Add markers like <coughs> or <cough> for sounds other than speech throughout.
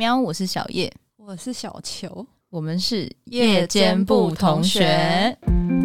喵，我是小葉，我是小球，我們是夜間部同學。同學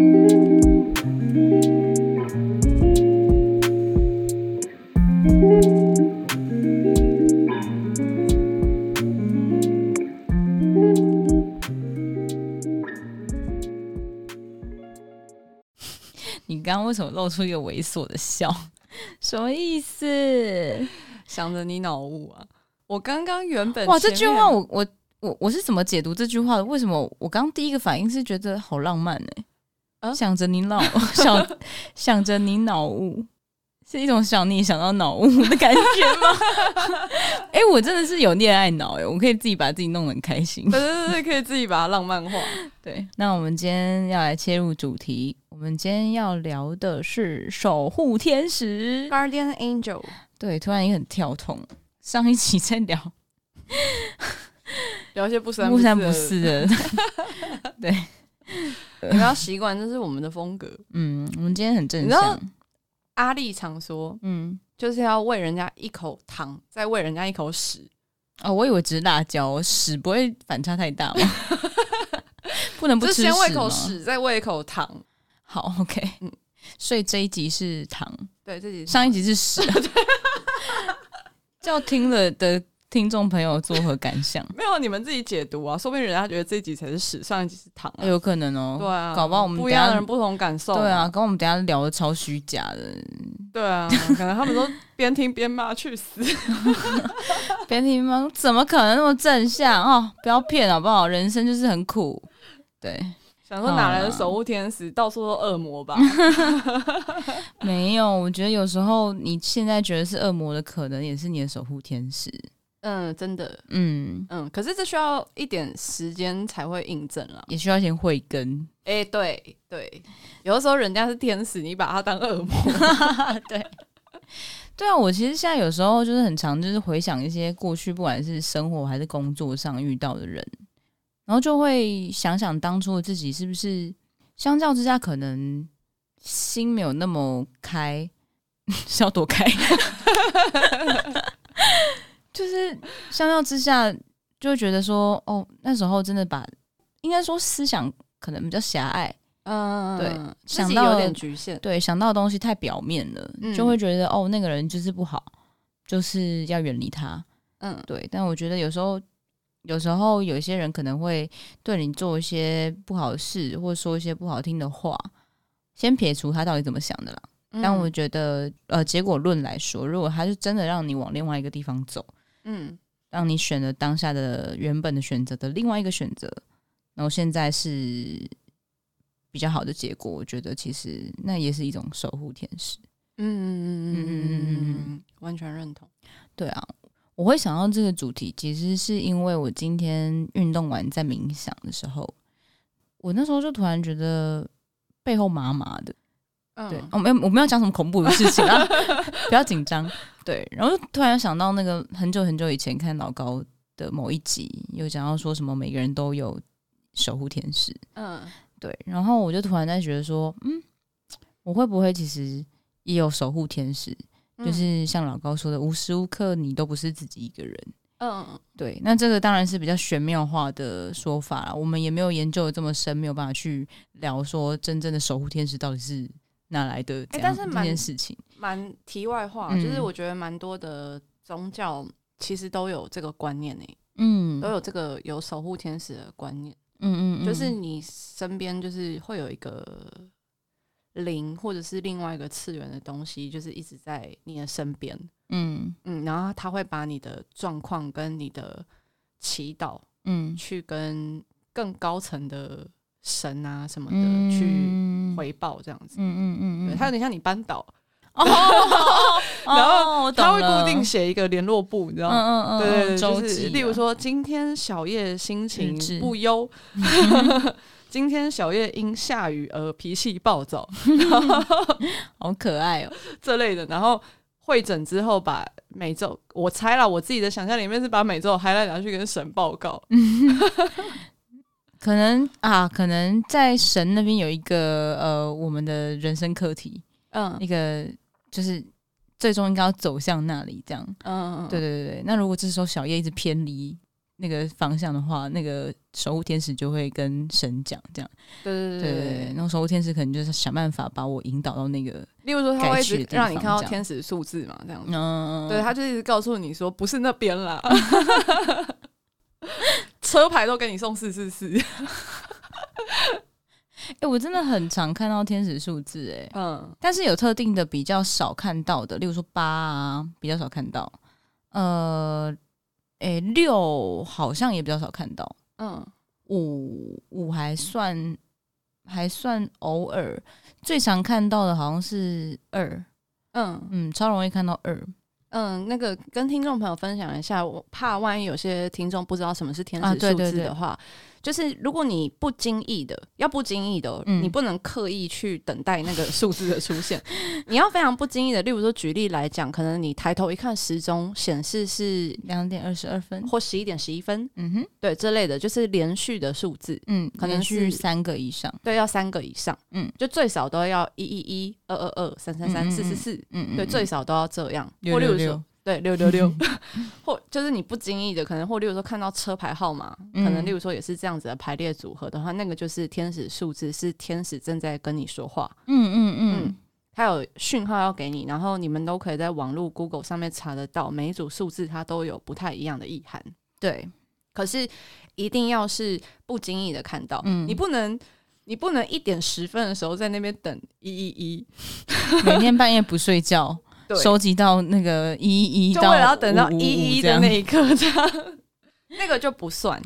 <music> 你剛剛為什麼露出一個猥瑣的笑？ <laughs> 什麼意思？ <laughs> 想着你腦霧啊！我剛剛原本哇，這句話我、我我我我是怎麼解讀這句話的？為什麼我剛第一個反應是覺得好浪漫呢？欸啊？想着你老想，想着你腦霧， <laughs> 是一種想你想到腦霧的感覺嗎？哎、 <laughs> <laughs> 欸，我真的是有戀愛腦哎、欸，我可以自己把自己弄得很開心，對對對，可以自己把它浪漫化。對， <laughs> 那我們今天要來切入主題，我們今天要聊的是守護天使 （Guardian Angel）。對，突然也很跳通。上一集再聊， <laughs> 聊些不三不四的。對，你要習慣，這是我們的風格。嗯，我們今天很正向。阿力常說，嗯，就是要餵人家一口糖，再餵人家一口屎。哦，我以為只是辣椒，屎不會反差太大嗎？ <laughs> 不能不吃屎嗎？就先餵口屎，再餵一口糖。好，OK。嗯，所以這一集是糖，對，這一集上一集是屎。 <laughs> 叫聽了的聽眾朋友作何感想？ <laughs> 沒有，你們自己解讀啊！說不定人家覺得這一集才是史上一集是糖啊。欸，有可能哦。對啊，搞不好我們一不一樣的人不同感受啊。對啊，跟我們等下聊得超虛假的。對啊，可能他們都邊聽邊罵去死，邊 <laughs> <laughs> 聽邊罵，怎麼可能那麼正向？哦，不要騙好不好？人生就是很苦，對。想說哪來的守護天使？啊、到處都惡魔吧？ <laughs> 沒有，我覺得有時候你現在覺得是惡魔的，可能也是你的守護天使。嗯，真的，嗯嗯。可是這需要一點時間才會印證了，也需要一些慧根。欸、對對，有的時候人家是天使，你把他當惡魔。 <laughs> 對對啊，我其實現在有時候就是很常就是回想一些過去，不管是生活還是工作上遇到的人。然後就會想想當初的自己是不是相較之下可能心沒有那麼開， <laughs> 是要躲開， <laughs> <laughs> 就是相較之下就會覺得說哦那時候真的把應該說思想可能比較狹隘，嗯對，自己有點局限，對想到，對想到的東西太表面了，嗯、就會覺得哦那個人就是不好，就是要遠離他，嗯對，但我覺得有時候。有時候有一些人可能會對你做一些不好的事，或說一些不好聽的話，先撇除他到底怎麼想的啦。嗯、但我覺得，呃，結果論來說，如果他是真的讓你往另外一個地方走，嗯，讓你選了當下的原本的選擇的另外一個選擇，然後現在是比較好的結果，我覺得其實那也是一種守護天使。嗯，嗯嗯嗯嗯嗯嗯，嗯嗯嗯嗯嗯完全認同。對啊。我會想到這個主題，其實是因為我今天運動完在冥想的時候，我那時候就突然覺得背後麻麻的。嗯、對、啊，我沒有，我沒有講什麼恐怖的事情啊， <laughs> 不要緊張。對，然後突然想到那個很久很久以前看老高的某一集，又講到說什麼每個人都有守護天使。嗯，對，然後我就突然在覺得說，嗯，我會不會其實也有守護天使？就是像老高說的，嗯、無時無刻你都不是自己一個人。嗯，對。那這個當然是比較玄妙化的說法，我們也沒有研究得這麼深，沒有辦法去聊說真正的守護天使到底是哪來的。哎、欸，但是蠻事情，蠻題外話，嗯、就是我覺得蠻多的宗教其實都有這個觀念呢、欸。嗯，都有這個有守護天使的觀念。嗯，嗯嗯，就是你身邊就是會有一個。靈或者是另外一個次元的東西，就是一直在你的身邊，嗯嗯，然後他會把你的狀況跟你的祈禱，嗯，去跟更高層的神啊什麼的去回報這樣子，嗯嗯嗯，他有點像你班導哦，然後他會固定寫一個聯絡簿，你知道嗎？嗯嗯嗯，對，就是例如說今天小葉心情不優，今天小葉因下雨而脾氣暴躁， <laughs> 好可愛哦，喔，這類的。然後會診之後把每周，我猜啦，我自己的想象裡面是把每周還來拿去跟神報告。 <laughs> <laughs> 可能啊，可能在神那邊有一個呃，我們的人生課題，嗯，一個就是最終應該要走向那裡，這樣。嗯，對對對。那如果這時候小葉一直偏離，那個方向的話，那個守護天使就會跟神講這樣，對對對，對，對那個、守護天使可能就是想辦法把我引導到那個，例如說他會一直讓你看到天使數字嘛，這樣子，嗯、對，他就一直告訴你說不是那邊啦，嗯、 <laughs> 車牌都給你送四四四， <laughs> 哎、欸，我真的很常看到天使數字、欸，哎，嗯，但是有特定的比較少看到的，例如說八啊，比較少看到，呃。誒、欸，六好像也比較少看到，嗯，五五還算還算偶爾，最常看到的好像是二，嗯嗯，超容易看到二，嗯，那個跟聽眾朋友分享一下，我怕萬一有些聽眾不知道什麼是天使數字的話。啊，對對對對。就是如果你不經意的，要不經意的，嗯、你不能刻意去等待那個數字的出現， <laughs> 你要非常不經意的。例如說，舉例來講，可能你抬頭一看時鐘顯示是兩點二十二分或十一點十一分，或11點11分，嗯哼，對，這類的就是連續的數字，嗯，可能是三個以上，對，要三個以上，嗯，就最少都要一一一二二二三三三四四四，嗯嗯，對，最少都要這樣，或六六。對，六六六，或就是你不經意的，可能或例如說看到車牌號碼，嗯、可能例如說也是這樣子的排列組合的話，那個就是天使數字，是天使正在跟你說話。嗯嗯嗯，它、嗯、有訊號要給你，然後你們都可以在網絡 Google 上面查得到，每一組數字它都有不太一樣的意涵。對，可是一定要是不經意的看到，嗯、你不能，你不能一點十分的時候在那邊等一一一，每天半夜不睡覺。 <laughs> 收對集到那個一一，就我要等到一一的那一刻， <laughs> <laughs> 那個就不算。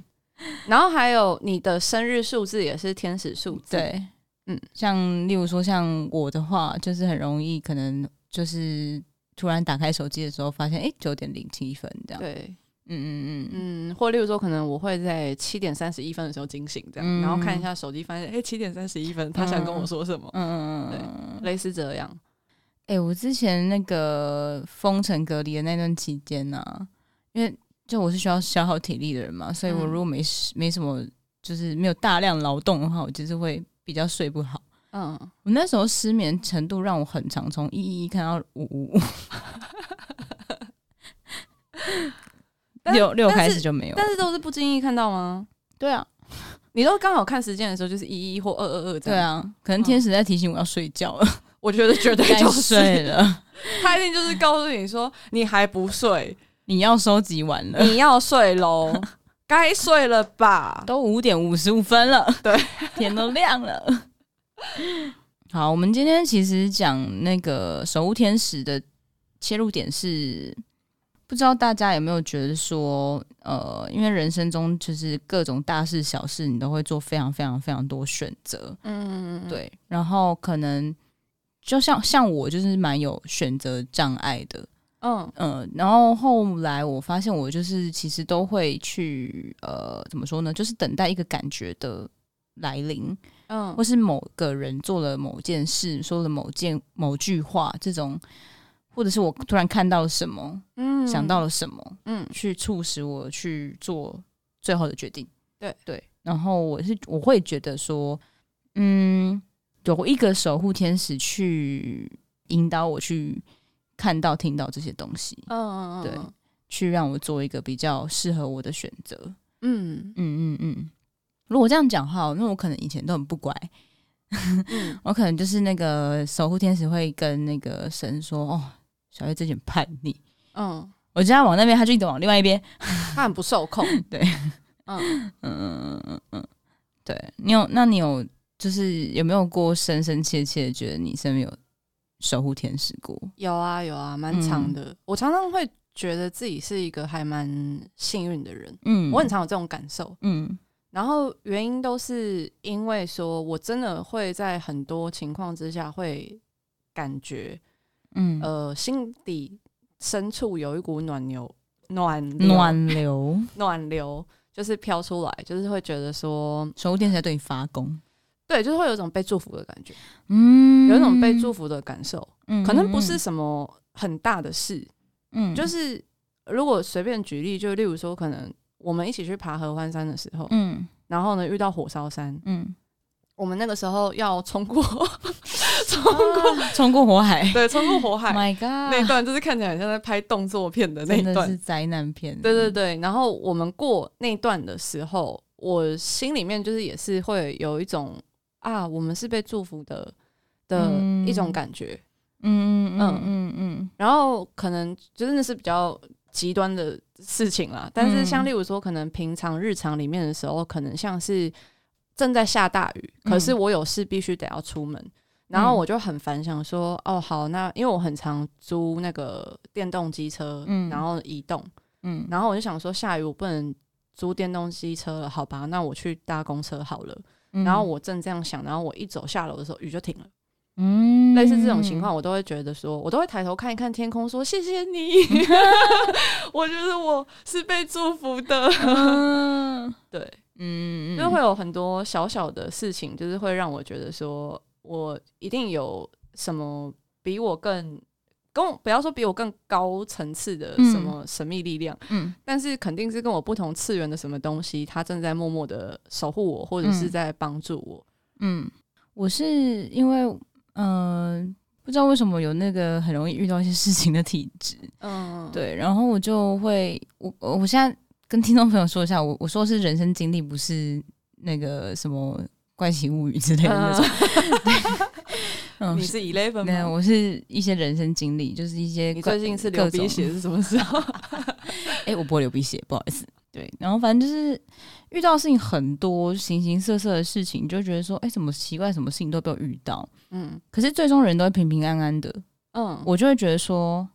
然後還有你的生日數字也是天使數字，對，嗯，像例如說像我的話，就是很容易可能就是突然打開手機的時候發現，哎、欸，九點零七分這樣。對，嗯嗯嗯嗯，或例如說可能我會在七點三十一分的時候驚醒，這樣，嗯、然後看一下手機，發現哎，七點三十一分，他想跟我說什麼？嗯嗯，對，嗯、類似這樣。哎、欸，我之前那個封城隔離的那段期間呢、啊，因為就我是需要消耗體力的人嘛，所以我如果沒沒什麼，就是沒有大量勞動的話，我就是會比較睡不好。嗯，我那時候失眠程度讓我很常，從一一一看到五五五， <laughs> 六六開始就沒有了，但是都是不經意看到嗎？對啊，你都剛好看時間的時候就是一一或二二二這樣。對啊，可能天使在提醒我要睡覺了。嗯我覺得絕對就睡了，他一定就是告訴你說：“你還不睡，你要收集完了，你要睡嘍，該睡了吧？都五點五十五分了，對，天都亮了。”好，我們今天其實講那個守護天使的切入點是，不知道大家有沒有覺得說，呃，因為人生中就是各種大事小事，你都會做非常非常非常多選擇，嗯，嗯，對，然後可能。就像，像我就是蠻有選擇障礙的，嗯嗯、呃，然後後來我發現我就是其實都會去呃，怎麼說呢？就是等待一個感覺的來臨，嗯，或是某個人做了某件事，說了某件某句話，這種，或者是我突然看到了什麼，嗯，想到了什麼，嗯，去促使我去做最後的決定，對對，然後我是我會覺得說，嗯。有一個守護天使去引導我去看到、聽到這些東西，嗯嗯嗯，對，嗯、去讓我做一個比較適合我的選擇，嗯嗯，嗯嗯嗯嗯。如果這樣講話，那我可能以前都很不乖， <laughs> 嗯、我可能就是那個守護天使會跟那個神說：“哦，小月之前叛逆，嗯，我只要往那邊，他就一直往另外一邊， <laughs> 他很不受控。”對，嗯嗯嗯嗯嗯嗯，對，你有？那你有？就是有沒有過深深切切覺得你身邊有守護天使過？有啊有啊，蠻、啊、常的。嗯、我常常會覺得自己是一個還蠻幸運的人，嗯，我很常有這種感受，嗯。然後原因都是因為說我真的會在很多情況之下會感覺，嗯呃，心底深處有一股暖流，暖流暖流，暖流就是飄出來，就是會覺得說守護天使在對你發功。對，就是會有一種被祝福的感覺，嗯、有一種被祝福的感受，嗯、可能不是什麼很大的事。嗯，就是如果隨便舉例，就例如說，可能我們一起去爬合歡山的時候，嗯，然後呢遇到火燒山，嗯，我們那個時候要衝過、衝、嗯、 <laughs> 過、衝、啊、過火海，對、啊，衝過火海。My God，那一段就是看起來很像在拍動作片的那一段，是災難片的。對對對，然後我們過那段的時候，我心裡面就是也是會有一種。啊，我們是被祝福的的一種感覺，嗯嗯嗯嗯嗯。然後可能真的是比較極端的事情啦。嗯、但是像例如說，可能平常日常裡面的時候，可能像是正在下大雨，嗯、可是我有事必須得要出門，嗯、然後我就很煩，想說，哦，好，那因為我很常租那個電動機車，嗯、然後移動，嗯，然後我就想說，下雨我不能租電動機車了，好吧，那我去搭公車好了。嗯、然後我正這樣想，然後我一走下樓的時候，雨就停了。嗯，類似這種情況，我都會覺得說，我都會抬頭看一看天空，說謝謝你，嗯、 <laughs> 我覺得我是被祝福的。啊、 <laughs> 對，嗯，嗯，因為會有很多小小的事情，就是會讓我覺得說我一定有什麼比我更。跟我不要說比我更高層次的什麼神秘力量，嗯，嗯，但是肯定是跟我不同次元的什麼東西，它，正在默默的守護我，或者是在幫助我。嗯，我是因為，嗯、呃，不知道為什麼有那個很容易遇到一些事情的體質，嗯，對，然後我就會，我我我現在跟聽眾朋友說一下，我我說是人生經歷，不是那個什麼怪奇物語之類的那種。嗯對 <laughs> 嗯，你是 eleven？沒有，我是一些人生經歷，就是一些。最近是流鼻血是什麼時候？哎、 <laughs> <laughs> 欸，我不會流鼻血，不好意思。對，然後反正就是遇到事情很多，形形色色的事情，就覺得說，哎、欸，怎麼奇怪，什麼事情都被我遇到。嗯，可是最終人都會平平安安的。嗯，我就會覺得說，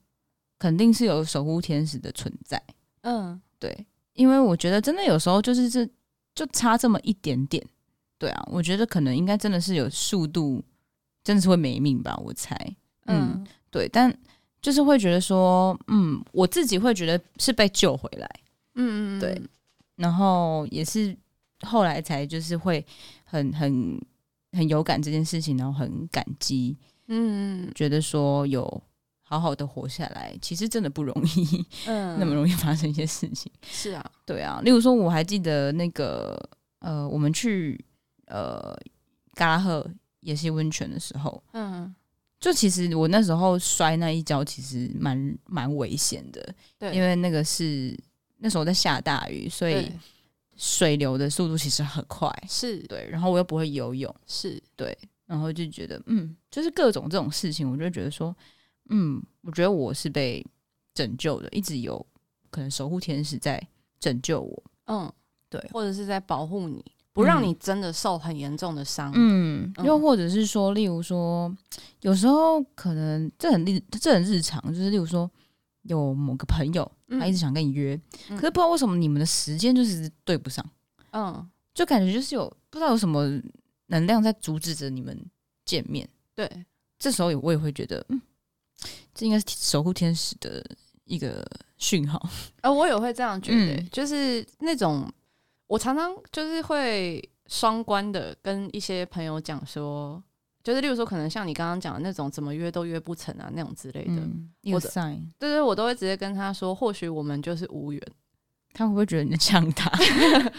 肯定是有守護天使的存在。嗯，對，因為我覺得真的有時候就是這就差這麼一點點。對啊，我覺得可能應該真的是有速度。真的是會沒命吧？我猜，嗯，嗯，對，但就是會覺得說，嗯，我自己會覺得是被救回來，嗯嗯，對，然後也是後來才就是會很很很有感這件事情，然後很感激，嗯，嗯，覺得說有好好的活下來，其實真的不容易，嗯， <laughs> 那麼容易發生一些事情，是啊，對啊。例如說，我還記得那個呃，我們去呃，嘎拉赫。也是溫泉的時候，嗯，就其實我那時候摔那一跤，其實蠻蠻危險的，對，因為那個是那時候在下大雨，所以水流的速度其實很快，是，對，然後我又不會游泳，是對，然後就覺得嗯，就是各種這種事情，我就覺得說，嗯，我覺得我是被拯救的，一直有可能守護天使在拯救我，嗯，對，或者是在保護你。不讓你真的受很嚴重的傷。嗯，又、嗯、或者是說，例如說，有時候可能這很日這很日常，就是例如說，有某個朋友他一直想跟你約，嗯、可是不知道為什麼你們的時間就是對不上。嗯，就感覺就是有不知道有什麼能量在阻止着你們見面。對，這時候我也會覺得，嗯，這應該是守護天使的一個訊號。呃、哦，我也會這樣覺得，嗯、就是那種。我常常就是會雙關的跟一些朋友講說，就是例如說可能像你剛剛講的那種怎麼約都約不成啊，那種之類的，一個、嗯、的 're sign，對對，我都會直接跟他說，或許我們就是無緣。他會不會覺得你強大？ <laughs>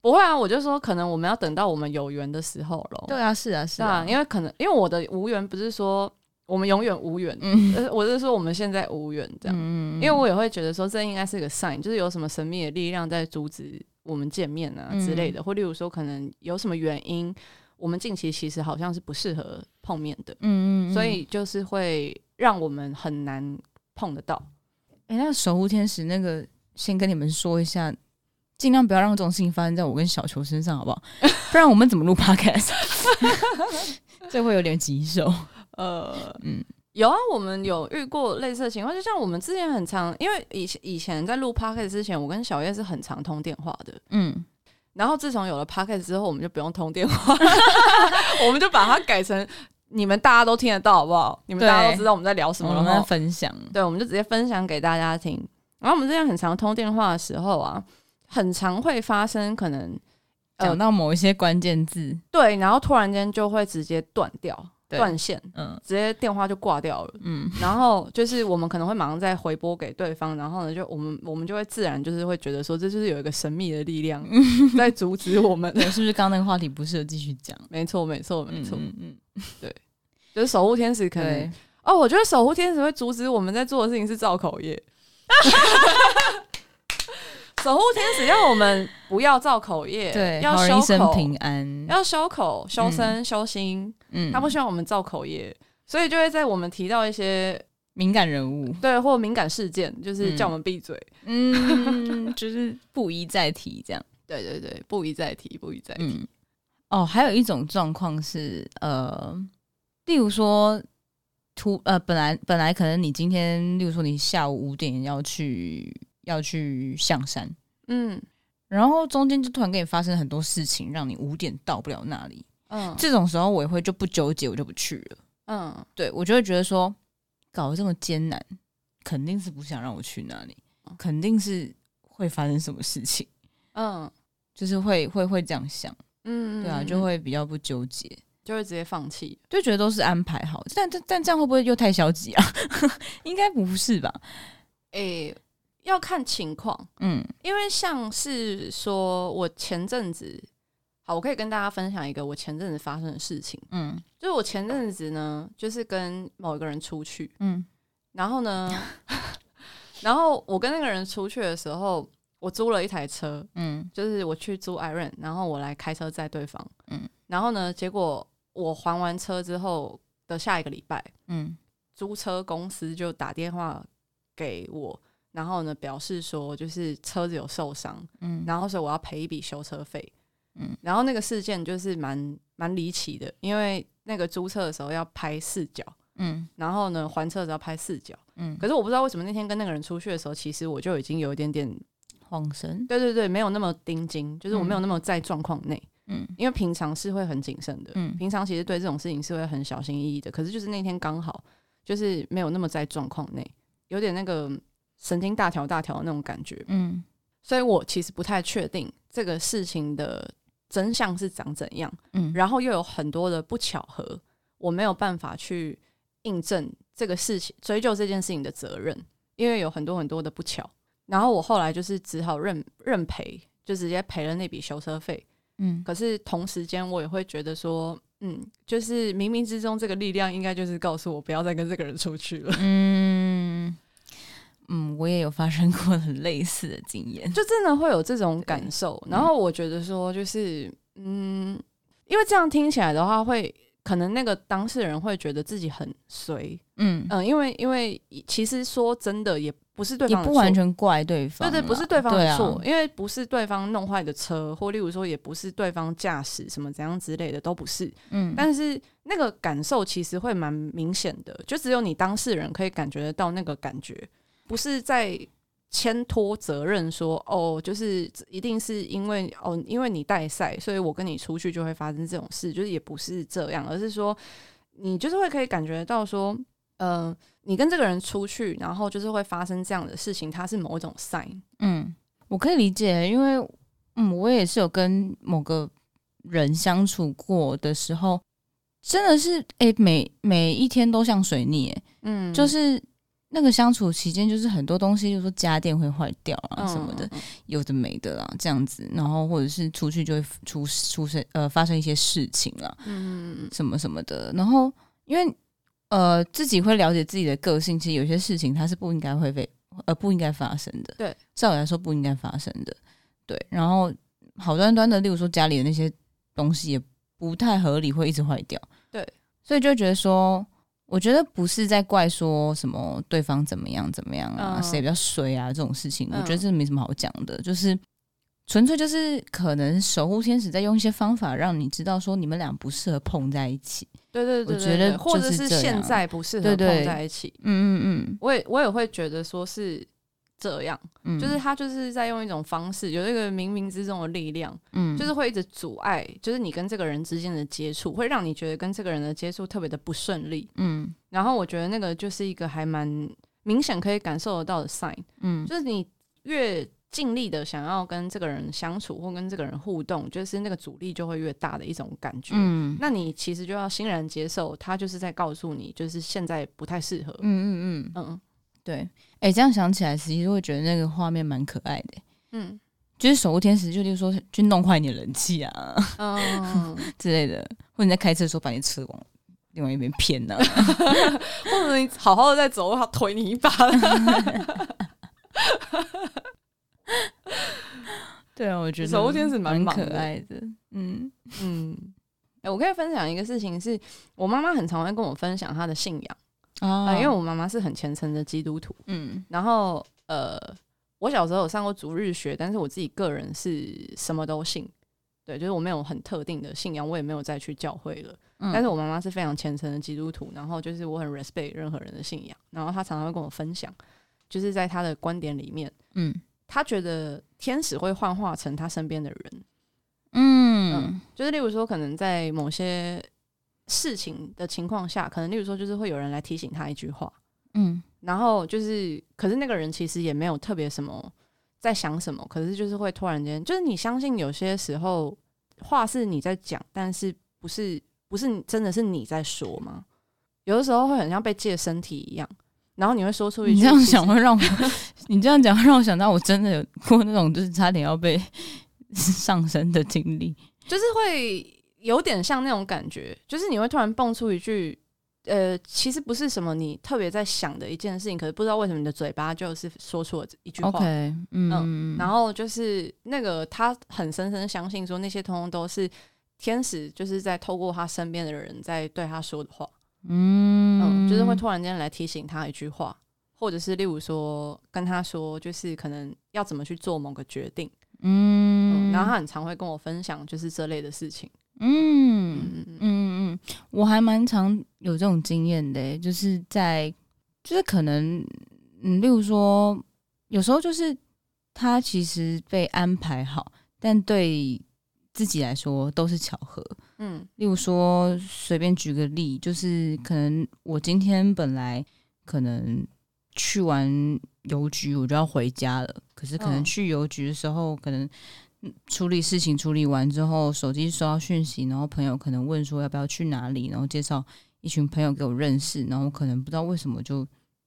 不會啊，我就說可能我們要等到我們有緣的時候了。對啊，是啊，是啊，啊因為可能因為我的無緣不是說我們永遠無緣，嗯，就是我是說我們現在無緣這樣，嗯，嗯，嗯，因為我也會覺得說這應該是個 sign，就是有什麼神秘的力量在阻止。我們見面啊之類的，嗯、或例如說可能有什麼原因，我們近期其實好像是不適合碰面的，嗯，嗯嗯，所以就是會讓我們很難碰得到。誒、欸，那守護天使，那個先跟你們說一下，盡量不要讓這種事情發生在我跟小球身上，好不好？ <laughs> 不然我們怎麼錄 podcast？這會有點棘手。呃，嗯。有啊，我們有遇過類似的情況，就像我們之前很常，因為以前以前在錄 Podcast 之前，我跟小葉是很常通電話的，嗯，然後自從有了 Podcast 之後，我們就不用通電話， <laughs> <laughs> 我們就把它改成你們大家都聽得到好不好？對你們大家都知道我們在聊什麼，然後我們分享對，我們就直接分享給大家聽。然後我們之前很常通電話的時候啊，很常會發生，可能講到某一些關鍵字，呃，對，然後突然間就會直接斷掉。斷對線，嗯，直接電話就掛掉了，嗯，然後就是我們可能會馬上再回撥給對方，然後呢，就我們我們就會自然就是會覺得說，這就是有一個神秘的力量在阻止我們， <laughs> 是不是？剛剛那個話題不適合繼續講？沒錯，沒錯，沒錯，嗯，錯嗯對，就是守護天使可以、嗯、哦，我覺得守護天使會阻止我們在做的事情是造口業。 <laughs> <laughs> 守護天使要我們不要造口業，對，要修口、平安，要修口、修身、嗯、修心。嗯，他不希望我們造口業，所以就會在我們提到一些敏感人物，對，或敏感事件，就是叫我們閉嘴，嗯，嗯， <laughs> 就是不宜再提這樣。對對對，不宜再提，不宜再提、嗯。哦，還有一種狀況是，呃，例如說突呃，本來本來可能你今天，例如說你下午五點要去，要去象山，嗯，然後中間就突然給你發生很多事情，讓你五點到不了那裡，嗯，這種時候我也會就不糾結，我就不去了，嗯，對，我就會覺得說搞得這麼艱難，肯定是不想讓我去那裡，肯定是會發生什麼事情，嗯，就是會會會這樣想，嗯，對啊，就會比較不糾結，就會直接放棄，就覺得都是安排好，但但但這樣會不會又太消極啊？ <laughs> 應該不是吧？誒、欸。要看情況，嗯，因為像是說，我前陣子，好，我可以跟大家分享一個我前陣子發生的事情，嗯，就是我前陣子呢，就是跟某一個人出去，嗯，然後呢， <laughs> 然後我跟那個人出去的時候，我租了一台車，嗯，就是我去租 iRent，然後我來開車載對方，嗯，然後呢，結果我還完車之後的下一個禮拜，嗯，租車公司就打電話給我。然後呢，表示說就是車子有受傷，嗯，然後說我要賠一筆修車費，嗯，然後那個事件就是蠻蠻離奇的，因為那個租車的時候要拍四角，嗯，然後呢，還車的時候要拍四角，嗯，可是我不知道為什麼那天跟那個人出去的時候，其實我就已經有一點點恍神，對對對，沒有那麼盯緊，就是我沒有那麼在狀況內，嗯，因為平常是會很謹慎的，嗯，平常其實對這種事情是會很小心翼翼的，可是就是那天剛好就是沒有那麼在狀況內，有點那個。神經大條大條的那種感覺，嗯，所以我其實不太確定這個事情的真相是長怎樣，嗯，然後又有很多的不巧合，我沒有辦法去印證這個事情，追究這件事情的責任，因為有很多很多的不巧。然後我後來就是只好認認賠，就直接賠了那筆修車費，嗯。可是同時間我也會覺得說，嗯，就是冥冥之中這個力量應該就是告訴我不要再跟這個人出去了，嗯。嗯，我也有發生過很類似的經驗，就真的會有這種感受。對，然後我覺得說，就是嗯，嗯，因為這樣聽起來的話會，會可能那個當事人會覺得自己很衰。嗯，呃，因為因為其實說真的，也不是對方也不完全怪對方，對對，對，不是對方的錯，對啊，因為不是對方弄壞的車，或例如說也不是對方駕駛什麼怎樣之類的，都不是。嗯，但是那個感受其實會蠻明顯的，就只有你當事人可以感覺得到那個感覺。不是在牽拖責任說，說哦，就是一定是因為哦，因為你帶賽，所以我跟你出去就會發生這種事，就是也不是這樣，而是說你就是會可以感覺到說，嗯、呃，你跟這個人出去，然後就是會發生這樣的事情，它是某一種賽。嗯，我可以理解，因為嗯，我也是有跟某個人相處過的時候，真的是哎、欸，每每一天都像水逆、欸，嗯，就是。那個相處期間，就是很多東西，就是說家電會壞掉啊什麼的，嗯嗯、有的沒的啦、啊，這樣子，然後或者是出去就會出出現呃，發生一些事情了、啊，嗯，什麼什麼的，然後因為呃自己會了解自己的個性，其實有些事情它是不應該會被，呃，不應該發生的，對，照理來說不應該發生的，對，然後好端端的，例如說家裡的那些東西也不太合理，會一直壞掉，對，所以就覺得說。我覺得不是在怪說什麼對方怎麼樣怎麼樣啊，誰、嗯、比較衰啊這種事情，嗯、我覺得這沒什麼好講的，就是純粹就是可能守護天使在用一些方法讓你知道說你們倆不適合碰在一起。對對對，對對對，我覺得或者是現在不適合碰在一起。嗯嗯嗯，我也我也會覺得說是。這樣，嗯，就是他就是在用一種方式，有一個冥冥之中的力量，嗯，就是會一直阻礙，就是你跟這個人之間的接觸，會讓你覺得跟這個人的接觸特別的不順利，嗯。然後我覺得那個就是一個還蠻明顯可以感受得到的 sign，嗯，就是你越盡力的想要跟這個人相處或跟這個人互動，就是那個阻力就會越大的一種感覺，嗯。那你其實就要欣然接受，他就是在告訴你，就是現在不太適合，嗯嗯嗯。嗯對，哎、欸，這樣想起來，其實我覺得那個畫面蠻可愛的。嗯，就是守護天使，就例如說，去弄壞你的人氣啊、哦、之類的，或者在開車的時候把你車往另外一邊偏呢， <laughs> 或者你好好的在走他的，他推你一把。對啊，我覺得守護天使蠻可愛的。嗯嗯，哎、嗯欸，我可以分享一個事情，是我媽媽很常會跟我分享她的信仰。啊、oh. 呃，因為我媽媽是很虔誠的基督徒，嗯，然後呃，我小時候有上過主日學，但是我自己個人是什麼都信，對，就是我沒有很特定的信仰，我也沒有再去教會了。嗯、但是我媽媽是非常虔誠的基督徒，然後就是我很 respect 任何人的信仰，然後她常常會跟我分享，就是在她的觀點裡面，嗯，她覺得天使會幻化成她身邊的人，嗯，嗯，就是例如說可能在某些。事情的情況下，可能例如說，就是會有人來提醒他一句話，嗯，然後就是，可是那個人其實也沒有特別什麼在想什麼，可是就是會突然間，就是你相信有些時候話是你在講，但是不是不是真的是你在說嗎？有的時候會很像被借身體一樣，然後你會說出一句，你這樣想會讓我， <laughs> 你這樣講會讓我想到我真的有過那種就是差點要被上身的經歷，就是會。有點像那種感覺，就是你會突然蹦出一句，呃，其實不是什麼你特別在想的一件事情，可是不知道為什麼你的嘴巴就是說出了這一句話。Okay, 嗯,嗯，然後就是那個他很深深相信說那些通通都是天使，就是在透過他身邊的人在對他說的話。嗯,嗯，就是會突然間來提醒他一句話，或者是例如說跟他說，就是可能要怎麼去做某個決定。嗯,嗯，然後他很常會跟我分享就是這類的事情。嗯嗯嗯，我還蠻常有這種經驗的欸，就是在就是可能，嗯，例如說，有時候就是他其實被安排好，但對自己來說都是巧合。嗯，例如說，隨便舉個例，就是可能我今天本來可能去完郵局我就要回家了，可是可能去郵局的時候可能。處理事情處理完之後，手機收到訊息，然後朋友可能問說要不要去哪裡，然後介紹一群朋友給我認識，然後我可能不知道為什麼就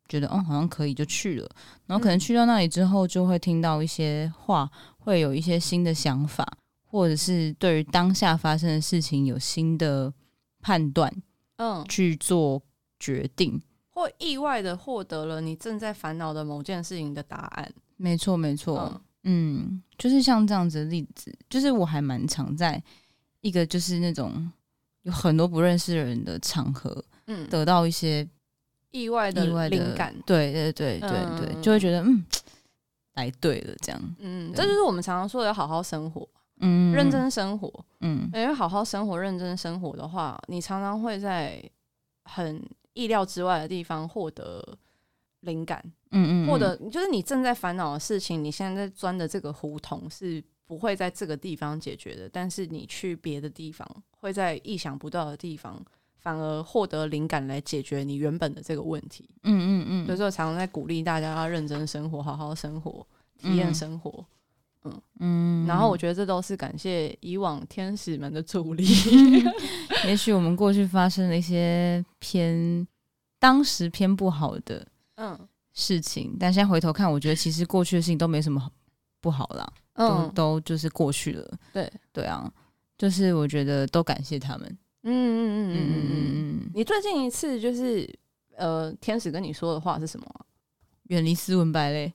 覺得哦好像可以就去了，然後可能去到那裡之後就會聽到一些話，會有一些新的想法，或者是對於當下發生的事情有新的判斷，嗯，去做決定，或意外的獲得了你正在煩惱的某件事情的答案。沒錯，沒錯。嗯嗯，就是像這樣子的例子，就是我還蠻常在一個就是那種有很多不認識的人的場合，嗯，得到一些意外的意外的靈感，對對對對對，嗯、對就會覺得嗯，來對了這樣，嗯，對這就是我們常常說的要好好生活，嗯，認真生活，嗯，因為好好生活、認真生活的話，你常常會在很意料之外的地方獲得靈感，嗯，嗯嗯，或者就是你正在煩惱的事情，你現在在鑽的這個胡同，是不會在這個地方解決的，但是你去別的地方，會在意想不到的地方反而獲得靈感來解決你原本的這個問題。嗯嗯嗯，所以說常常在鼓勵大家要認真生活，好好生活，體驗生活。嗯嗯，嗯嗯然後我覺得這都是感謝以往天使們的助力。嗯、 <laughs> 也許我們過去發生了一些偏當時偏不好的。嗯，事情，但現在回頭看，我覺得其實過去的事情都沒什麼不好啦，都都就是過去了。對對啊，就是我覺得都感謝他們。嗯嗯嗯嗯嗯嗯嗯。你最近一次就是呃，天使跟你說的話是什麼？遠離斯文敗類。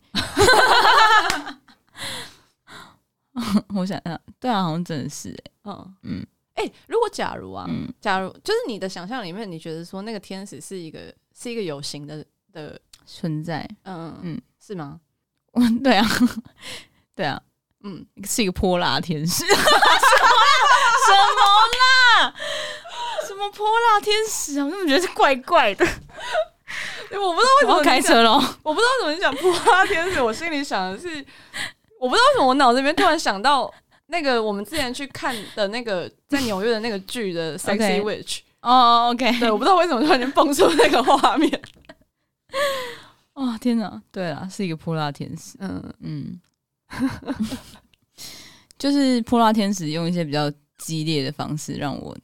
我想，想，對啊，好像真的是哎。嗯嗯。哎，如果假如啊，假如就是你的想象裡面，你覺得說那個天使是一個是一個有形的的。存在，嗯嗯，是嗎？嗯，對啊，對啊，嗯，是一個潑辣天使， <laughs> 什麼啦？ <laughs> 什麼啦？ <laughs> 什麼潑辣天使啊？我怎麼覺得是怪怪的？我， <laughs> 我不知道為什麼開車了，我不知道怎麼講潑辣天使。我心裡想的是，我不知道為什麼我腦子裡面突然想到那個我們之前去看的那個在紐約的那個劇的《Sexy Witch》哦，OK，oh, okay. 對，我不知道為什麼突然間蹦出那個畫面。 <laughs> 哦，天哪，對啦，是一個潑辣天使，嗯、呃、嗯， <laughs> 就是潑辣天使用一些比較激烈的方式讓我，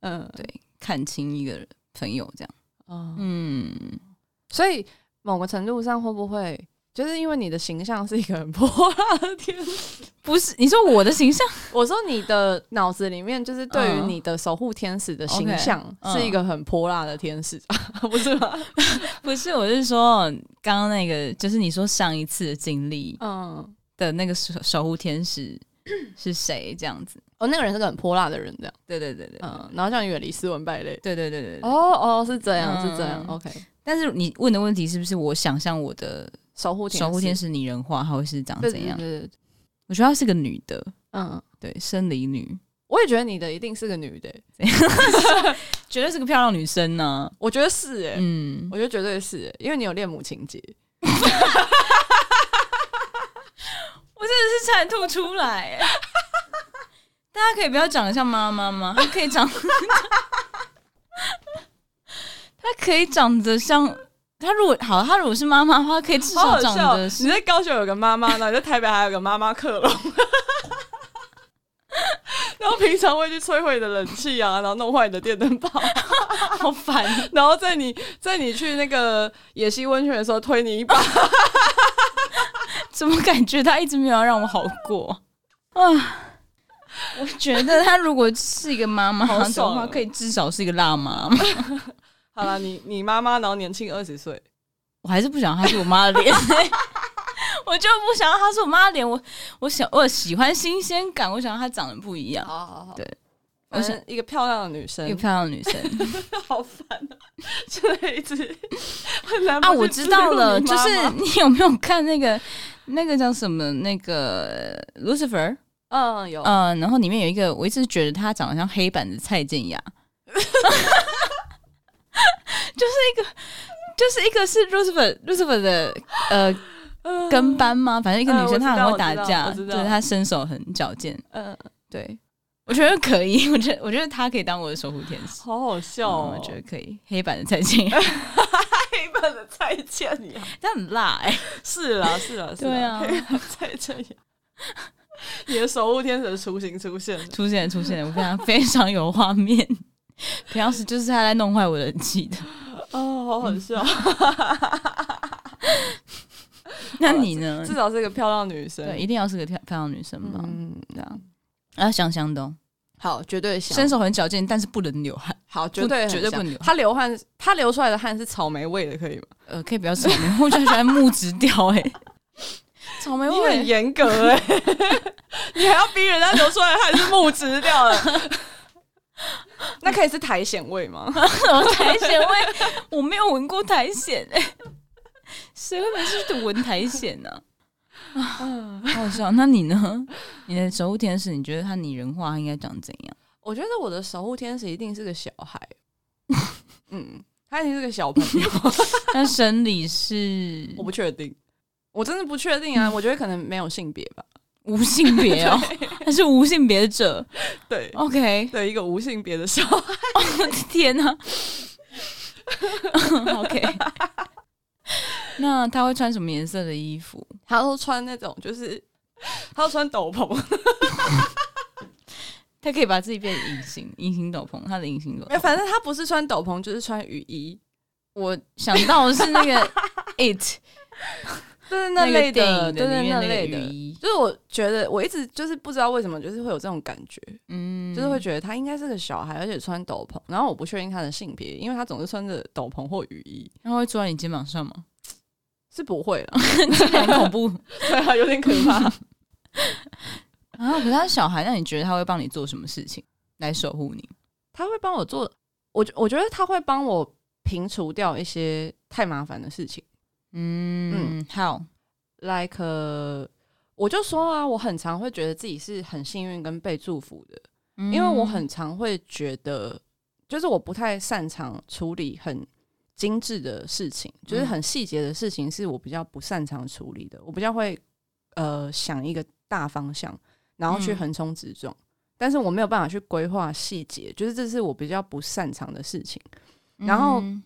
嗯、呃，對，看清一個朋友這樣，呃、嗯，所以某個程度上會不會？就是因為你的形象是一個很潑辣的天使。不是你說我的形象， <laughs> 我說你的腦子裡面就是對於你的守護天使的形象是一個很潑辣的天使， <laughs> 不是吧？不是，我是說剛剛那個，就是你說上一次的經歷，嗯，的那個守守護天使是誰？這樣子 <coughs> 哦，那個人是個很潑辣的人，這樣對，對對對對，嗯，然後像遠離斯文敗類，對，對對對對，哦哦，是這樣、嗯、是這樣，OK。但是你問的問題是不是我想象我的？守護天使擬人化，他會是長怎樣？對，對，對，對我覺得他是個女的，嗯，對，生理女。我也覺得你的一定是個女的。欸，怎樣 <laughs> 絕對是個漂亮女生呢、啊。我覺得是、欸，哎，嗯，我覺得絕對是，欸，因為你有戀母情節。 <laughs> 我真的是差點吐出來、欸！大家 <laughs> 可以不要長得像媽媽嗎？他可以長，她 <laughs> <laughs> 可以長得像。他如果好，他如果是媽媽的話，可以至少長得是你在高雄有個媽媽，呢，你在台北還有個媽媽克隆， <laughs> 然後平常會去摧毀你的冷氣啊，然後弄壞你的電燈泡， <laughs> 好煩。然後在你在你去那個野溪溫泉的時候推你一把， <laughs> <laughs> 怎麼感覺他一直沒有讓我好過啊？我覺得他如果是一個媽媽的話，好爽可以至少是一個辣媽。 <laughs> 好了，你你媽媽然後年輕二十歲，我還是不想她是我媽的臉， <laughs> <laughs> 我就不想要她是我媽的臉，我我想我喜歡新鮮感，我想她長得不一樣，好好好，對，我想一個漂亮的女生，一個漂亮的女生， <laughs> 好煩啊，就一直難不媽媽啊，我知道了，就是你有沒有看那個那個叫什麼那個 Lucifer？嗯有，嗯、呃，然後裡面有一個，我一直覺得她長得像黑板的蔡健雅。 <laughs> 就是一個，就是一個是 Roosevelt Roosevelt 的呃跟班嗎？反正一個女生，她很會打架，就是她身手很矯健。嗯，對，我覺得可以，我覺得我覺得她可以當我的守護天使。好好笑哦，我覺得可以。黑板的再見，黑板的再見，你他很辣哎，是啦是啦是啦。再見，你的守護天使的雛形出現出現出現了，非她非常有畫面。平時就是他在弄壞我的氣的。哦，好好笑。嗯、 <laughs> 那你呢？啊，至至少是個漂亮女生，對，一定要是個漂漂亮女生嘛。嗯，這樣啊，想象的、哦，好，絕對想，身手很矯健，但是不能流汗。好，絕對絕對不流。他流汗，他流，流出來的汗是草莓味的，可以嗎？呃，可以比較草莓，我就很喜歡木質調。欸，哎， <laughs> 草莓味你很嚴格。欸，哎， <laughs> <laughs> 你還要逼人家流出來的汗是木質調的。 <laughs> 那可以是苔蘚味嗎？ <laughs> 苔蘚味，我沒有聞過苔蘚哎、欸，誰會沒事去聞苔蘚呢？啊，好笑。那你呢？你的守護天使，你覺得他擬人化應該長怎樣？我覺得我的守護天使一定是個小孩， <laughs> 嗯，他一定是個小朋友， <laughs> <laughs> 但生理是…… <laughs> 我不確定，我真的不確定啊， <laughs> 我覺得可能沒有性別吧，無性別哦。 <laughs> 是無性別的者，對，OK，對一個無性別的小孩、 <laughs> 哦，天哪、啊、 <laughs> ，OK，那他會穿什麼顏色的衣服？他都穿那種，就是他都穿斗篷， <laughs> 他可以把自己變隱形，隱形斗篷，他的隱形斗篷，哎，反正他不是穿斗篷就是穿雨衣。我想到的是那個 it。 <laughs> 就是那類的，的就是那類的。就是我覺得我一直就是不知道為什麼，就是會有這種感覺，嗯，就是會覺得他應該是個小孩，而且穿斗篷。然後我不確定他的性別，因為他總是穿着斗篷或雨衣。他會坐在你肩膀上嗎？是不會了，有點 <laughs> 恐怖， <laughs> 對啊，有點可怕。然後、 <laughs> 啊、可是他小孩，那你覺得他會幫你做什麼事情來守護你？他會幫我做，我我覺得他會幫我平除掉一些太麻煩的事情。嗯好 How?，like，、uh, 我就說啊，我很常會覺得自己是很幸運跟被祝福的，嗯、因為我很常會覺得，就是我不太擅長處理很精致的事情，就是很細節的事情是我比較不擅長處理的，我比較會呃想一個大方向，然後去橫衝直撞，嗯、但是我沒有辦法去規劃細節，就是這是我比較不擅長的事情，然後。嗯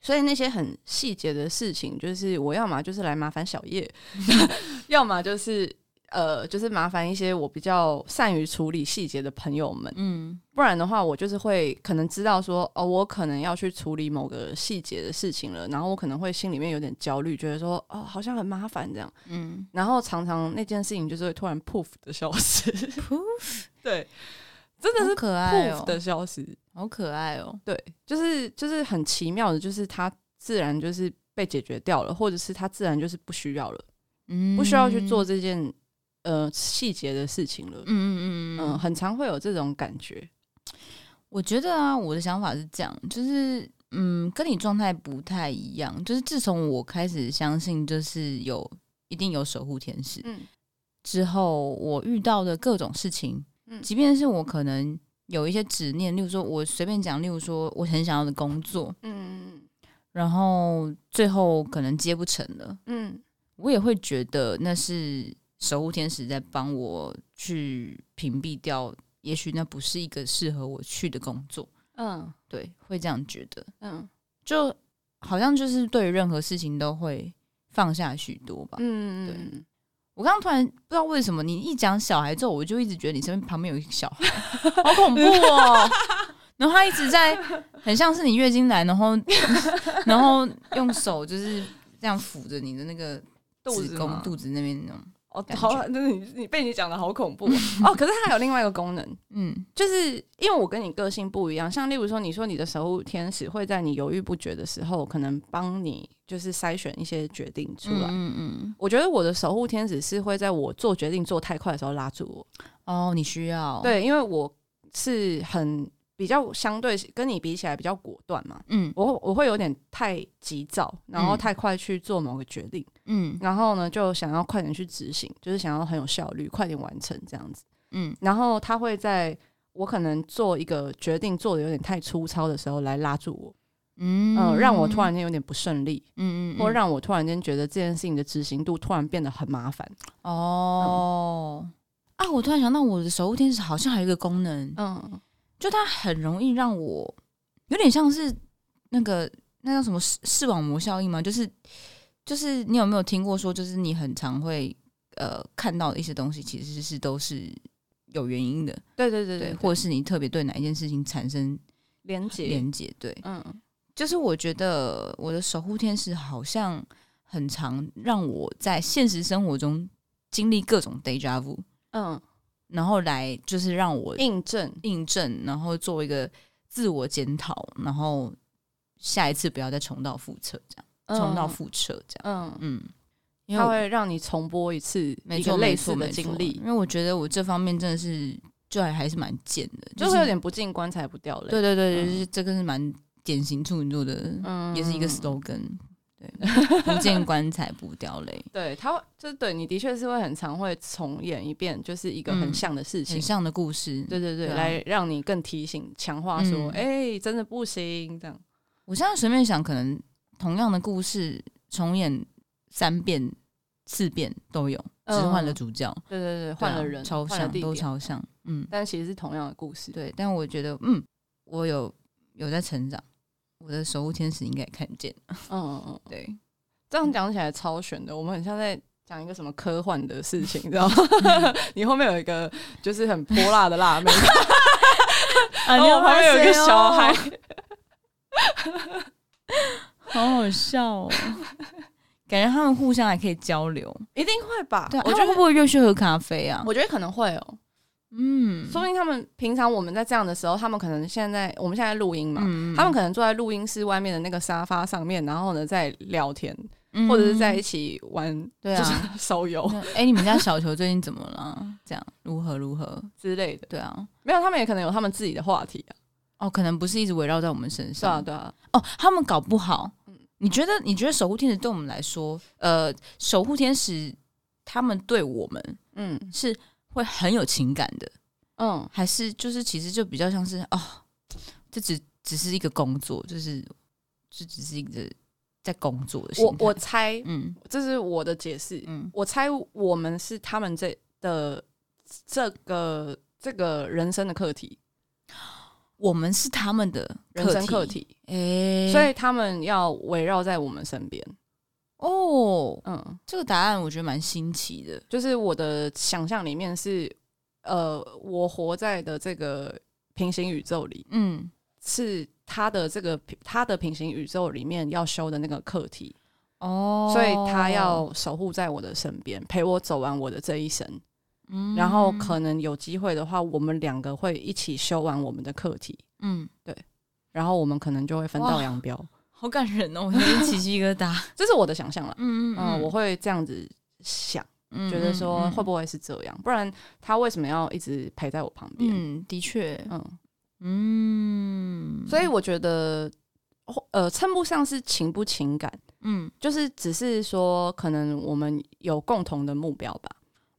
所以那些很細節的事情，就是我要嘛就是來麻煩小葉，嗯、 <laughs> 要麼就是呃就是麻煩一些我比較善於處理細節的朋友們，嗯，不然的話我就是會可能知道說哦我可能要去處理某個細節的事情了，然後我可能會心裡面有點焦慮，覺得說哦好像很麻煩這樣，嗯，然後常常那件事情就是會突然 poof 的消失，Poof? <laughs> 對。真的是可愛哦！的消息好可愛哦、喔。愛喔。對，就是就是很奇妙的，就是它自然就是被解決掉了，或者是它自然就是不需要了，嗯，不需要去做這件呃細節的事情了。嗯嗯嗯嗯，嗯，很常會有這種感覺。我覺得啊，我的想法是這樣，就是嗯，跟你狀態不太一樣。就是自從我開始相信，就是有一定有守護天使，嗯，之後我遇到的各種事情。即便是我可能有一些執念，例如說，我隨便講，例如說，我很想要的工作，嗯，然後最後可能接不成了，嗯，我也會覺得那是守護天使在幫我去屏蔽掉，也許那不是一個適合我去的工作，嗯，對，會這樣覺得，嗯，就好像就是對於任何事情都會放下許多吧，嗯，對我剛突然不知道為什麼，你一講小孩之後，我就一直覺得你身邊旁邊有一個小孩，好恐怖哦！ <laughs> 然後他一直在，很像是你月經來，然後 <laughs> 然後用手就是這樣撫着你的那個子宮肚,肚子那邊那種。好，真的你你被你講的好恐怖、喔、 <laughs> 哦。可是它還有另外一個功能， <laughs> 嗯，就是因為我跟你個性不一樣，像例如說，你說你的守護天使會在你猶豫不決的時候，可能幫你就是篩選一些決定出來。嗯、嗯嗯，我覺得我的守護天使是會在我做決定做太快的時候拉住我。哦，你需要對，因為我是很。比較相對跟你比起來比較果斷嘛，嗯，我我會有點太急躁，然後太快去做某個決定，嗯，然後呢就想要快點去執行，就是想要很有效率，快點完成這樣子，嗯，然後他會在我可能做一個決定做得有點太粗糙的時候來拉住我，嗯、呃，讓我突然間有點不順利，嗯嗯，嗯嗯嗯，或讓我突然間覺得這件事情的執行度突然變得很麻煩，哦，嗯、啊，我突然想到我的守護天使好像還有一個功能，嗯。就它很容易讓我有點像是那個那叫什麼視視網膜效應嗎？就是就是你有沒有聽過說，就是你很常會呃看到一些東西，其實是都是有原因的。對對對對，對，或者是你特別對哪一件事情產生連接連接。對，嗯，就是我覺得我的守護天使好像很常讓我在現實生活中經歷各種 deja vu。嗯。然後來就是讓我印證印證，然後做一個自我檢討，然後下一次不要再重蹈覆轍，這樣、嗯、重蹈覆轍，這樣，嗯嗯，嗯然後它會讓你重播一次沒錯一個類似的經歷。因為我覺得我這方面真的是就還，還是蠻賤的，就是有點不見棺材不掉淚。對對對，就是、這個是蠻典型處女座的，嗯，也是一個 slogan。對，不見棺材不掉淚。對，他會就對你的確是會很常會重演一遍，就是一個很像的事情，很像的故事。對對對，來讓你更提醒、強化說，哎，真的不行這樣。我現在隨便想，可能同樣的故事重演三遍、四遍都有，只是換了主角。對對對，換了人，超像，都超像。嗯，但其實是同樣的故事。對，但我覺得，嗯，我有有在成長。我的守護天使應該也看見了。嗯嗯嗯，對，這樣講起來超玄的，我們很像在講一個什麼科幻的事情，你知道嗎？嗯、 <laughs> 你後面有一個就是很潑辣的辣妹， <laughs> <laughs> 啊、你、哦、後旁邊有一個小孩，好好笑哦， <laughs> 感覺他們互相還可以交流，一定會吧？對，我覺得會不會又去喝咖啡啊？我覺得可能會哦。嗯，說不定他們平常我們在這樣的時候，他們可能現在我們現在錄音嘛，嗯、他們可能坐在錄音室外面的那個沙發上面，然後呢在聊天，嗯、或者是在一起玩，對啊，就是手遊。哎、嗯 <laughs> 欸，你們家小球最近怎麼了？ <laughs> 這樣如何如何之類的？對啊，沒有，他們也可能有他們自己的話題啊。哦，可能不是一直圍繞在我們身上。對啊，對啊，對啊。哦，他們搞不好，嗯，你覺得？你覺得守護天使對我們來說，呃，守護天使他們對我們，嗯，是。會很有情感的？嗯，還是就是其實就比較像是哦，這只只是一個工作，就是這只是一個在工作的事。我我猜，嗯，這是我的解釋，嗯，我猜我們是他們這的這個這個人生的課題，我們是他們的人生課題，誒、欸，所以他們要圍繞在我們身邊。哦，oh, 嗯，這個答案我覺得蠻新奇的，就是我的想象裡面是，呃，我活在的這個平行宇宙裡，嗯，是他的這個他的平行宇宙裡面要修的那個課題，哦、oh，所以他要守護在我的身邊，陪我走完我的這一生，嗯，然後可能有機會的話，我們兩個會一起修完我們的課題，嗯，對，然後我們可能就會分道揚鑣。好感人哦！我起雞皮疙瘩，這是我的想象了、 <laughs> 嗯。嗯嗯，我會這樣子想，嗯、覺得說會不會是這樣？嗯嗯、不然他為什麼要一直陪在我旁邊？嗯，的確，嗯嗯，嗯，所以我覺得，或呃，稱不上是情不情感，嗯，就是只是說，可能我們有共同的目標吧。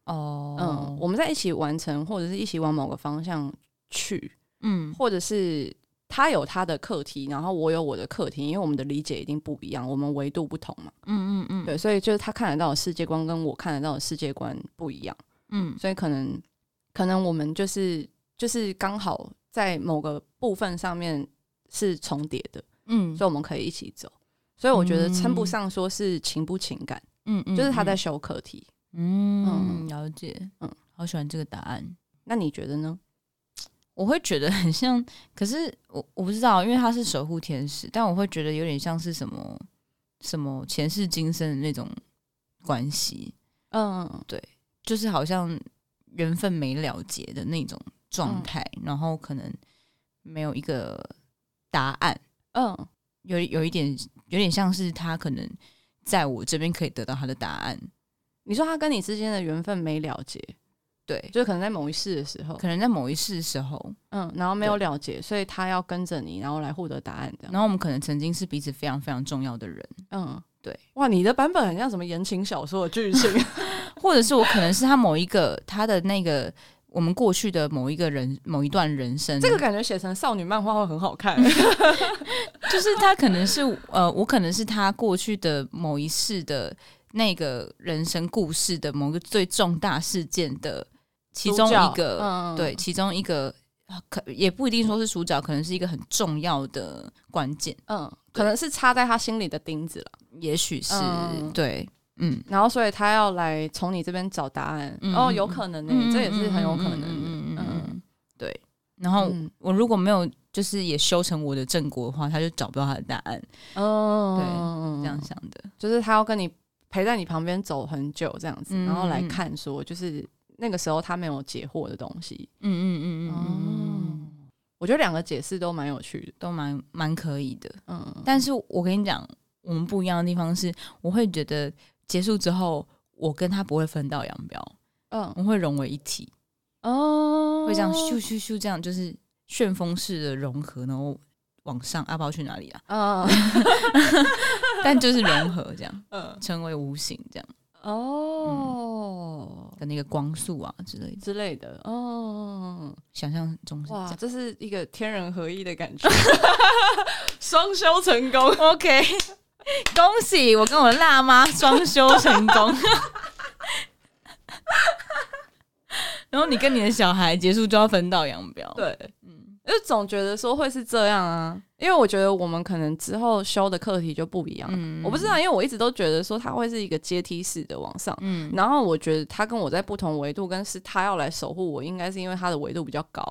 哦，嗯，我們在一起完成，或者是一起往某個方向去，嗯，或者是。他有他的課題，然後我有我的課題，因為我們的理解一定不一樣，我們維度不同嘛。嗯嗯嗯，對，所以就是他看得到的世界觀跟我看得到的世界觀不一樣。嗯，所以可能可能我們就是就是剛好在某個部分上面是重疊的。嗯，所以我們可以一起走。所以我覺得稱不上說是情不情感。嗯嗯，嗯嗯，就是他在修課題。嗯嗯，嗯了解。嗯，好喜歡這個答案。那你覺得呢？我會覺得很像，可是我我不知道，因為他是守護天使，但我會覺得有點像是什麼什麼前世今生的那種關係，嗯，對，就是好像緣分沒了結的那種狀態，嗯、然後可能沒有一個答案，嗯，有有一點有點像是他可能在我這邊可以得到他的答案，你說他跟你之間的緣分沒了結？對，就可能在某一世的時候，可能在某一世的時候，嗯，然後沒有了結，對所以他要跟着你，然後來獲得答案的。然後我們可能曾經是彼此非常非常重要的人，嗯，對。哇，你的版本很像什麼言情小說的劇情， <laughs> 或者是我可能是他某一個他的那個我們過去的某一個人某一段人生，這個感覺寫成少女漫畫會很好看、欸。 <laughs> 就是他可能是呃，我可能是他過去的某一世的那個人生故事的某個最重大事件的。其中一個，對，其中一個可也不一定說是主角，可能是一個很重要的關鍵，嗯，可能是插在他心裡的釘子了，也許是，對，嗯，然後所以他要來從你這邊找答案，哦，有可能呢，這也是很有可能，嗯，對，然後我如果沒有就是也修成我的正果的話，他就找不到他的答案，哦，對，這樣想的，就是他要跟你陪在你旁邊走很久這樣子，然後來看說就是。那個時候他沒有解惑的東西，嗯嗯嗯嗯，我覺得兩個解釋都蠻有趣的，都蠻蠻可以的，嗯。但是我跟你講，我們不一樣的地方是，我會覺得結束之後，我跟他不會分道揚鑣，嗯，我會融為一體，哦，會這樣咻咻咻這樣，就是旋風式的融合，然後往上，阿寶去哪裡啊？嗯。 <laughs> <laughs> 但就是融合這樣，嗯，成為無形這樣。哦、oh. 嗯，跟那個光束啊之類之類的哦，oh. 想象中哇，這是一個天人合一的感覺，雙修 <laughs> 成功，OK， <laughs> 恭喜我跟我的辣媽雙修成功， <laughs> 然後你跟你的小孩結束就要分道揚鑣，對。就總覺得說會是這樣啊，因為我覺得我們可能之後修的課題就不一樣，嗯，我不知道，因為我一直都覺得說它會是一個階梯式的往上，嗯，然後我覺得他跟我在不同維度，但是他要來守護我，應該是因為他的維度比較高，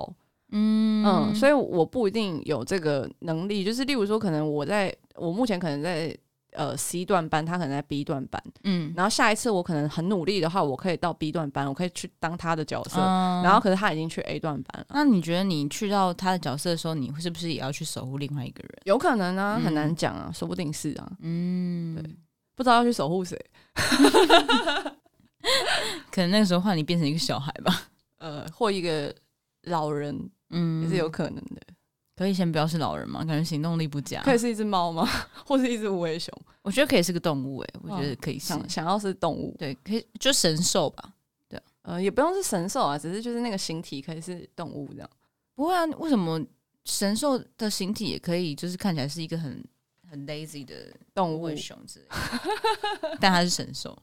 嗯嗯，所以我不一定有這個能力，就是例如說，可能我在我目前可能在。呃，C 段班他可能在 B 段班，嗯，然後下一次我可能很努力的話，我可以到 B 段班，我可以去當他的角色，嗯、然後可是他已經去 A 段班了。那你覺得你去到他的角色的時候，你是不是也要去守護另外一個人？有可能啊，嗯、很難講啊，說不定是啊，嗯，對，不知道要去守護誰， <laughs> <laughs> 可能那個時候換你變成一個小孩吧，呃，或一個老人，嗯，也是有可能的。可以先不要是老人嘛，感覺行動力不佳。可以是一隻貓嗎，或是一隻無尾熊？我覺得可以是個動物哎、欸，啊、我覺得可以是想，想要是動物，對，可以就神獸吧。對，呃，也不用是神獸啊，只是就是那個形體可以是動物這樣。不會啊，為什麼神獸的形體也可以就是看起來是一個很很 lazy 的，的動物熊之類？但它是神獸，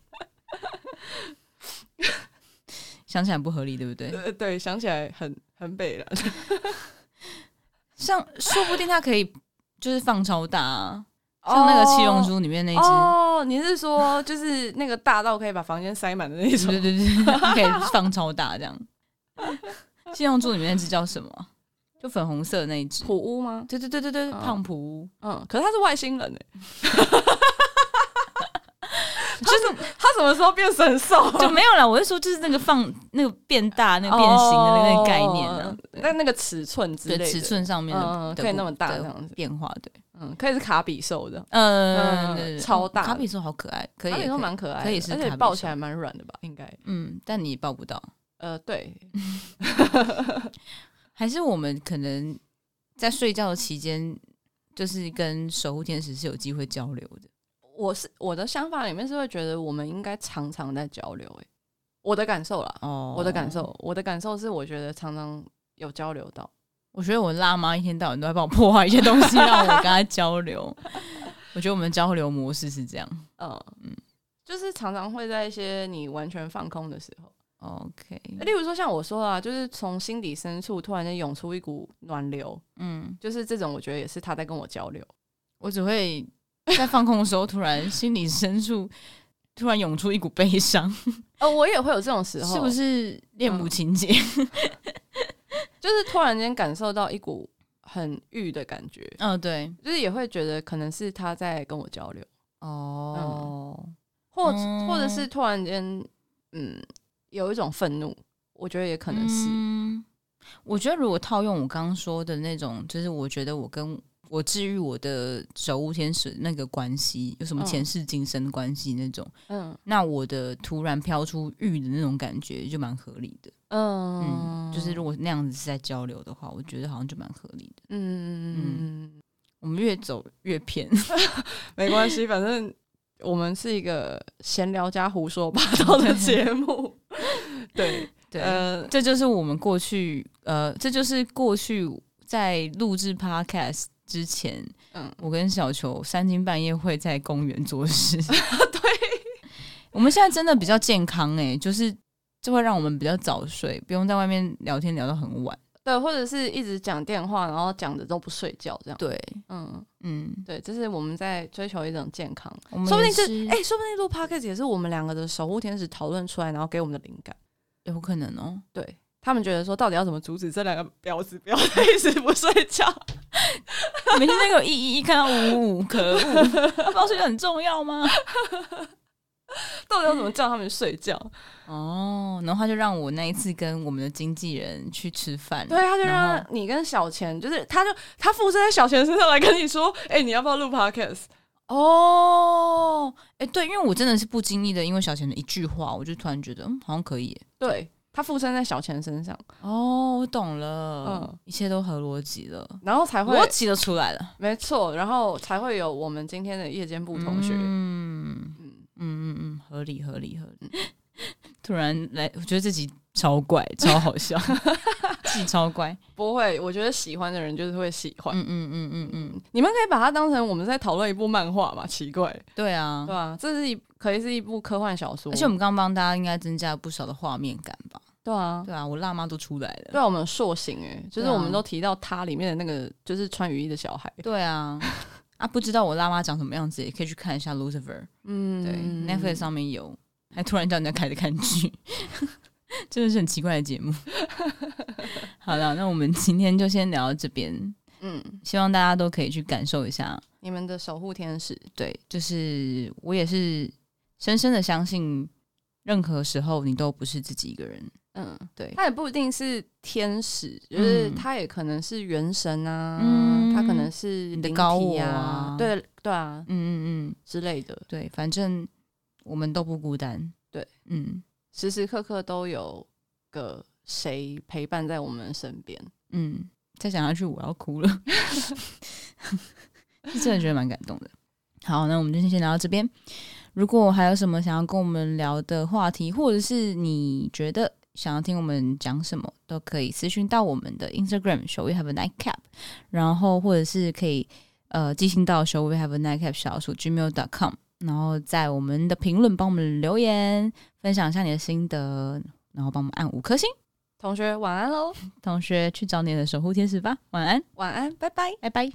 <laughs> <laughs> 想起來不合理，對不對？對，對，想起來很很北了。 <laughs> 像說不定它可以就是放超大，啊。Oh, 像那個七龍珠裡面那只。哦，oh, oh, 你是說就是那個大到可以把房間塞滿的那種？ <laughs> 對對對，可以放超大這樣。 <laughs> 七龍珠裡面那只叫什麼？ <laughs> 就粉紅色的那一隻。普烏嗎？對對對對對、uh, 胖普烏。嗯，可是他是外星人哎、欸。 <laughs> 就是他什麼時候變神獸就沒有了。我是說，就是那個放那個變大、那個變形的那個概念呢？那那個尺寸之類的，尺寸上面可以那麼大的變化，對，嗯，可以是卡比獸的，嗯，超大卡比獸好可愛，可以，都蠻可愛，可以，是，抱起來蠻軟的吧，應該，嗯，但你抱不到，呃，對，還是我們可能在睡覺的期間，就是跟守護天使是有機會交流的。我是我的想法裡面是會覺得我們應該常常在交流，哎、欸，我的感受啦，哦，oh. 我的感受，我的感受是我覺得常常有交流到，我覺得我辣媽一天到晚都在幫我破壞一些東西，讓我跟她交流。 <laughs> 我覺得我們交流模式是這樣，oh. 嗯，就是常常會在一些你完全放空的時候，OK，那例如說像我說啊，就是從心底深處突然間湧出一股暖流，嗯，就是這種我覺得也是他在跟我交流，我只會。 <laughs> 在放空的時候，突然心裡深處突然湧出一股悲傷。哦、呃，我也會有這種時候，是不是戀母情結？嗯、 <laughs> 就是突然間感受到一股很鬱的感覺。嗯、哦，對，就是也會覺得可能是他在跟我交流。哦，嗯、或、嗯、或者是突然間，嗯，有一種憤怒，我覺得也可能是。嗯、我覺得如果套用我剛剛說的那種，就是我覺得我跟。我治癒我的守護天使那個關係有什麼前世今生的關係那種，嗯，嗯，那我的突然飄出玉的那種感覺就蠻合理的，嗯，嗯，就是如果那樣子是在交流的話，我覺得好像就蠻合理的，嗯嗯，嗯，我們越走越偏， <laughs> 沒關係，反正我們是一個閒聊加胡說八道的節目，對對，對對，呃，這就是我們過去，呃，這就是過去在錄製 Podcast。之前，嗯，我跟小球三更半夜會在公園做事。 <laughs> 對，我們現在真的比較健康欸，就是就會讓我們比較早睡，不用在外面聊天聊到很晚。對，或者是一直講電話，然後講的都不睡覺這樣。對，嗯嗯，對，這是我們在追求一種健康。說不定是欸，說不定錄 Podcast 也是我們兩個的守護天使討論出來，然後給我們的靈感。有可能哦，對。他們覺得說，到底要怎麼阻止這兩個婊子不要一直不睡覺， <laughs> 每天都給我一,一一看到五五可惡，他們 <laughs> <laughs> 睡覺很重要嗎？ <laughs> 到底要怎麼叫他們睡覺？哦，然後他就讓我那一次跟我們的經紀人去吃飯，對，他就讓你跟小錢，後就是他就他附身在小錢身上來跟你說，哎、欸，你要不要錄 Podcast？哦，哎、欸，對，因為我真的是不經意的，因為小錢的一句話，我就突然覺得、嗯、好像可以，對。他附身在小錢身上哦，我懂了，嗯，一切都合邏輯了，然後才會邏輯都出來了，沒錯，然後才會有我們今天的夜間部同學，嗯嗯嗯嗯，合理合理合理，突然來，我覺得這集超怪，超好笑，這集超怪，不會，我覺得喜歡的人就是會喜歡，嗯嗯嗯嗯嗯，你們可以把它當成我們在討論一部漫畫吧，奇怪，對啊，對啊，這是一可以是一部科幻小說，而且我們剛幫大家應該增加了不少的畫面感吧。對啊，對啊，我辣媽都出來了。對啊，我們有塑形哎，就是我們都提到他裡面的那個，啊、就是穿雨衣的小孩。對啊， <laughs> 啊，不知道我辣媽長什麼樣子，也可以去看一下《Lucifer》。嗯，對，Netflix 上面有。還突然叫人家開的看劇， <laughs> 真的是很奇怪的節目。 <laughs> 好了，那我們今天就先聊到這邊。嗯，希望大家都可以去感受一下你們的守護天使。對，就是我也是深深的相信，任何時候你都不是自己一個人。嗯，對，他也不一定是天使，嗯、就是他也可能是元神啊，嗯、他可能是靈體啊，啊對，對啊，嗯嗯嗯之類的，對，反正我們都不孤單，對，嗯，時時刻刻都有個誰陪伴在我們身邊，嗯，再想下去我要哭了，是 <laughs> <laughs> 真的覺得蠻感動的。好，那我們就先聊到這邊。如果還有什麼想要跟我們聊的話題，或者是你覺得。想要聽我們講什麼，都可以私信到我們的 Instagram shall we have a nightcap，然後或者是可以呃寄信到 shall we have a nightcap 小鼠 gmail dot com，然後在我們的評論幫我們留言，分享一下你的心得，然後幫我們按五顆星。同學晚安嘍，同學去找你的守護天使吧，晚安，晚安，拜拜，拜拜。